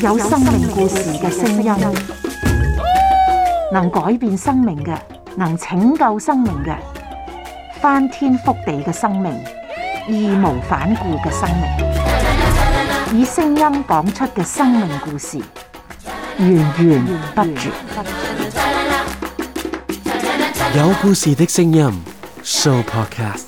有生命故事嘅聲音，能改變生命嘅，能拯救生命嘅，翻天覆地嘅生命，義無反顧嘅生命，以聲音講出嘅生命故事，源源不絕。有故事嘅聲音，Show Podcast。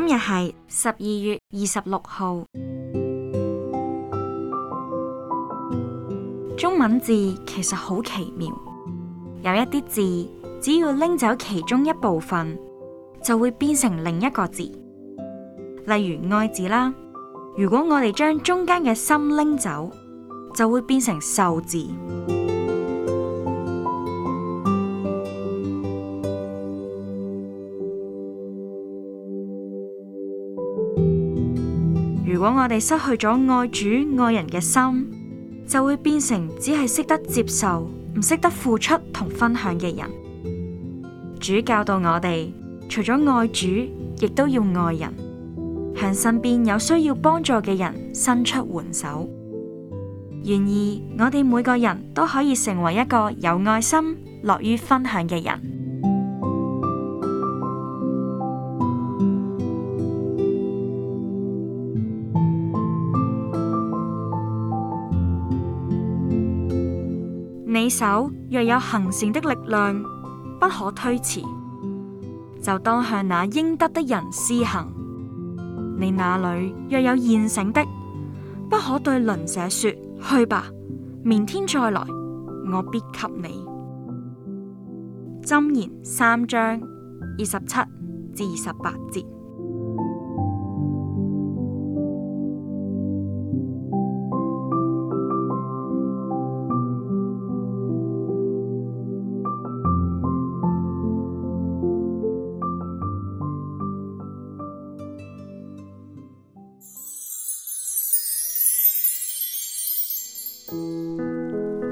今日係十二月二十六號。中文字其實好奇妙，有一啲字只要拎走其中一部分，就會變成另一個字。例如“愛”字啦，如果我哋將中間嘅“心”拎走，就會變成“受”字。我哋失去咗愛主愛人嘅心，就會變成只係識得接受，唔識得付出同分享嘅人。主教導我哋，除咗愛主，亦都要愛人，向身邊有需要幫助嘅人伸出援手。然而，我哋每個人都可以成為一個有愛心、樂於分享嘅人。你手若有行善的力量，不可推遲，就當向那應得的人施行。你那裏若有現成的，不可對鄰舍說：去吧，明天再來，我必給你。箴言三章二十七至二十八節。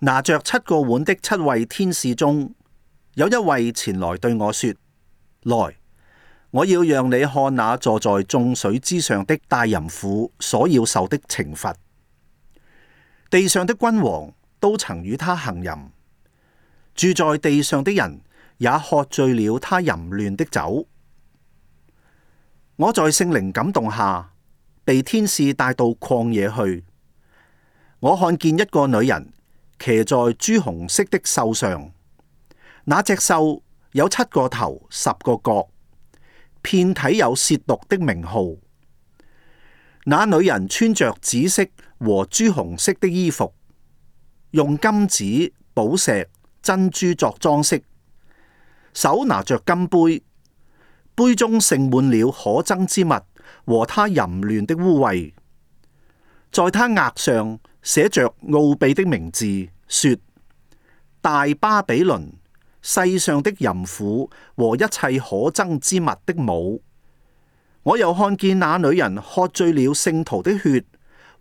拿着七個碗的七位天使中，有一位前來對我說：來，我要讓你看那坐在眾水之上的大淫婦所要受的懲罰。地上的君王都曾與她行淫，住在地上的人也喝醉了她淫亂的酒。我在聖靈感動下被天使帶到曠野去，我看見一個女人。騎在朱紅色的獸上，那隻獸有七個頭、十個角，遍體有褻瀆的名號。那女人穿着紫色和朱紅色的衣服，用金子、寶石、珍珠作裝飾，手拿着金杯，杯中盛滿了可憎之物和她淫亂的污穢，在她額上。寫着奧秘的名字，說大巴比倫，世上的淫婦和一切可憎之物的母。我又看見那女人喝醉了聖徒的血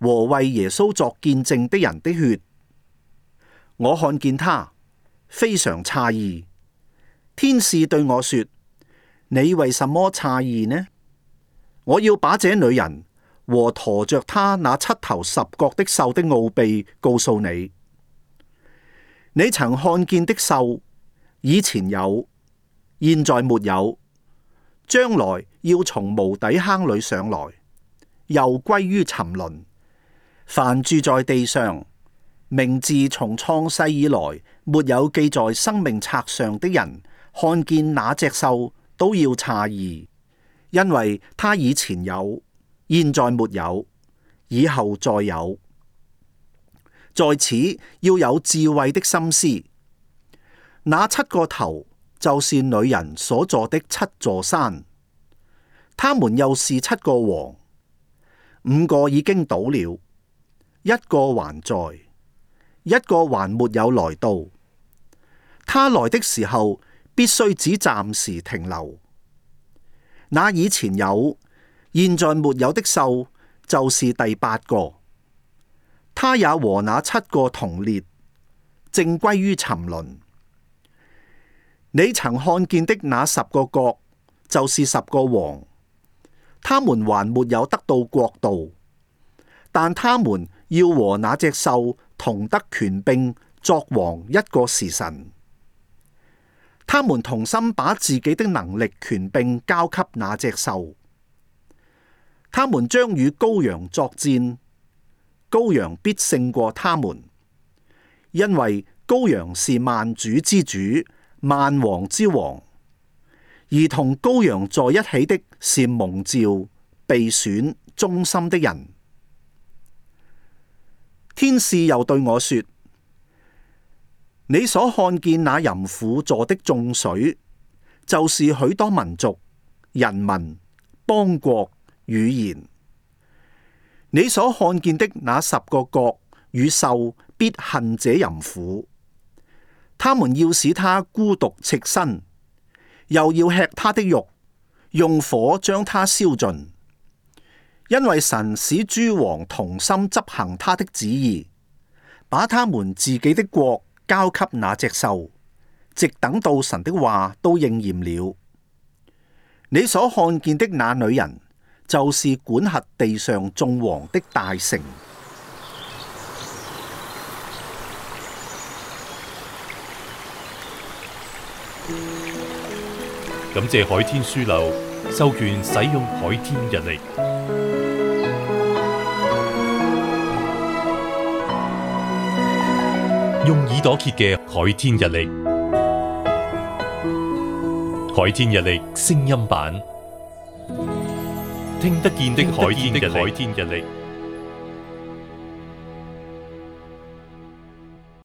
和為耶穌作見證的人的血。我看見她，非常詫異。天使對我說：你為什麼詫異呢？我要把這女人。和馱着他那七頭十角的獸的奧秘，告訴你：你曾看見的獸，以前有，現在沒有，將來要從無底坑裡上來，又歸於沉淪。凡住在地上，名字從創世以來沒有記在生命冊上的人，看見那隻獸，都要詫異，因為他以前有。現在沒有，以後再有。在此要有智慧的心思。那七個頭就是女人所坐的七座山，他們又是七個王，五個已經倒了，一個還在，一個還沒有來到。他來的時候，必須只暫時停留。那以前有。現在沒有的獸就是第八個，他也和那七個同列，正歸於沉淪。你曾看見的那十個國就是十個王，他們還沒有得到國度，但他們要和那隻獸同得權柄，作王一個時辰。他們同心把自己的能力權柄交給那隻獸。他們將與羔羊作戰，羔羊必勝過他們，因為羔羊是萬主之主、萬王之王，而同羔羊在一起的是蒙召、被選、忠心的人。天使又對我說：你所看見那淫婦坐的眾水，就是許多民族、人民、邦國。語言，你所看見的那十個國與獸必恨者淫婦，他們要使他孤獨赤身，又要吃他的肉，用火將他燒盡。因為神使諸王同心執行他的旨意，把他們自己的國交給那隻獸，直等到神的話都應驗了。你所看見的那女人。就是管轄地上眾王的大城。感謝海天書樓授權使用海天日曆，用耳朵揭嘅海天日曆，海天日曆聲音版。聽得見的海天日曆。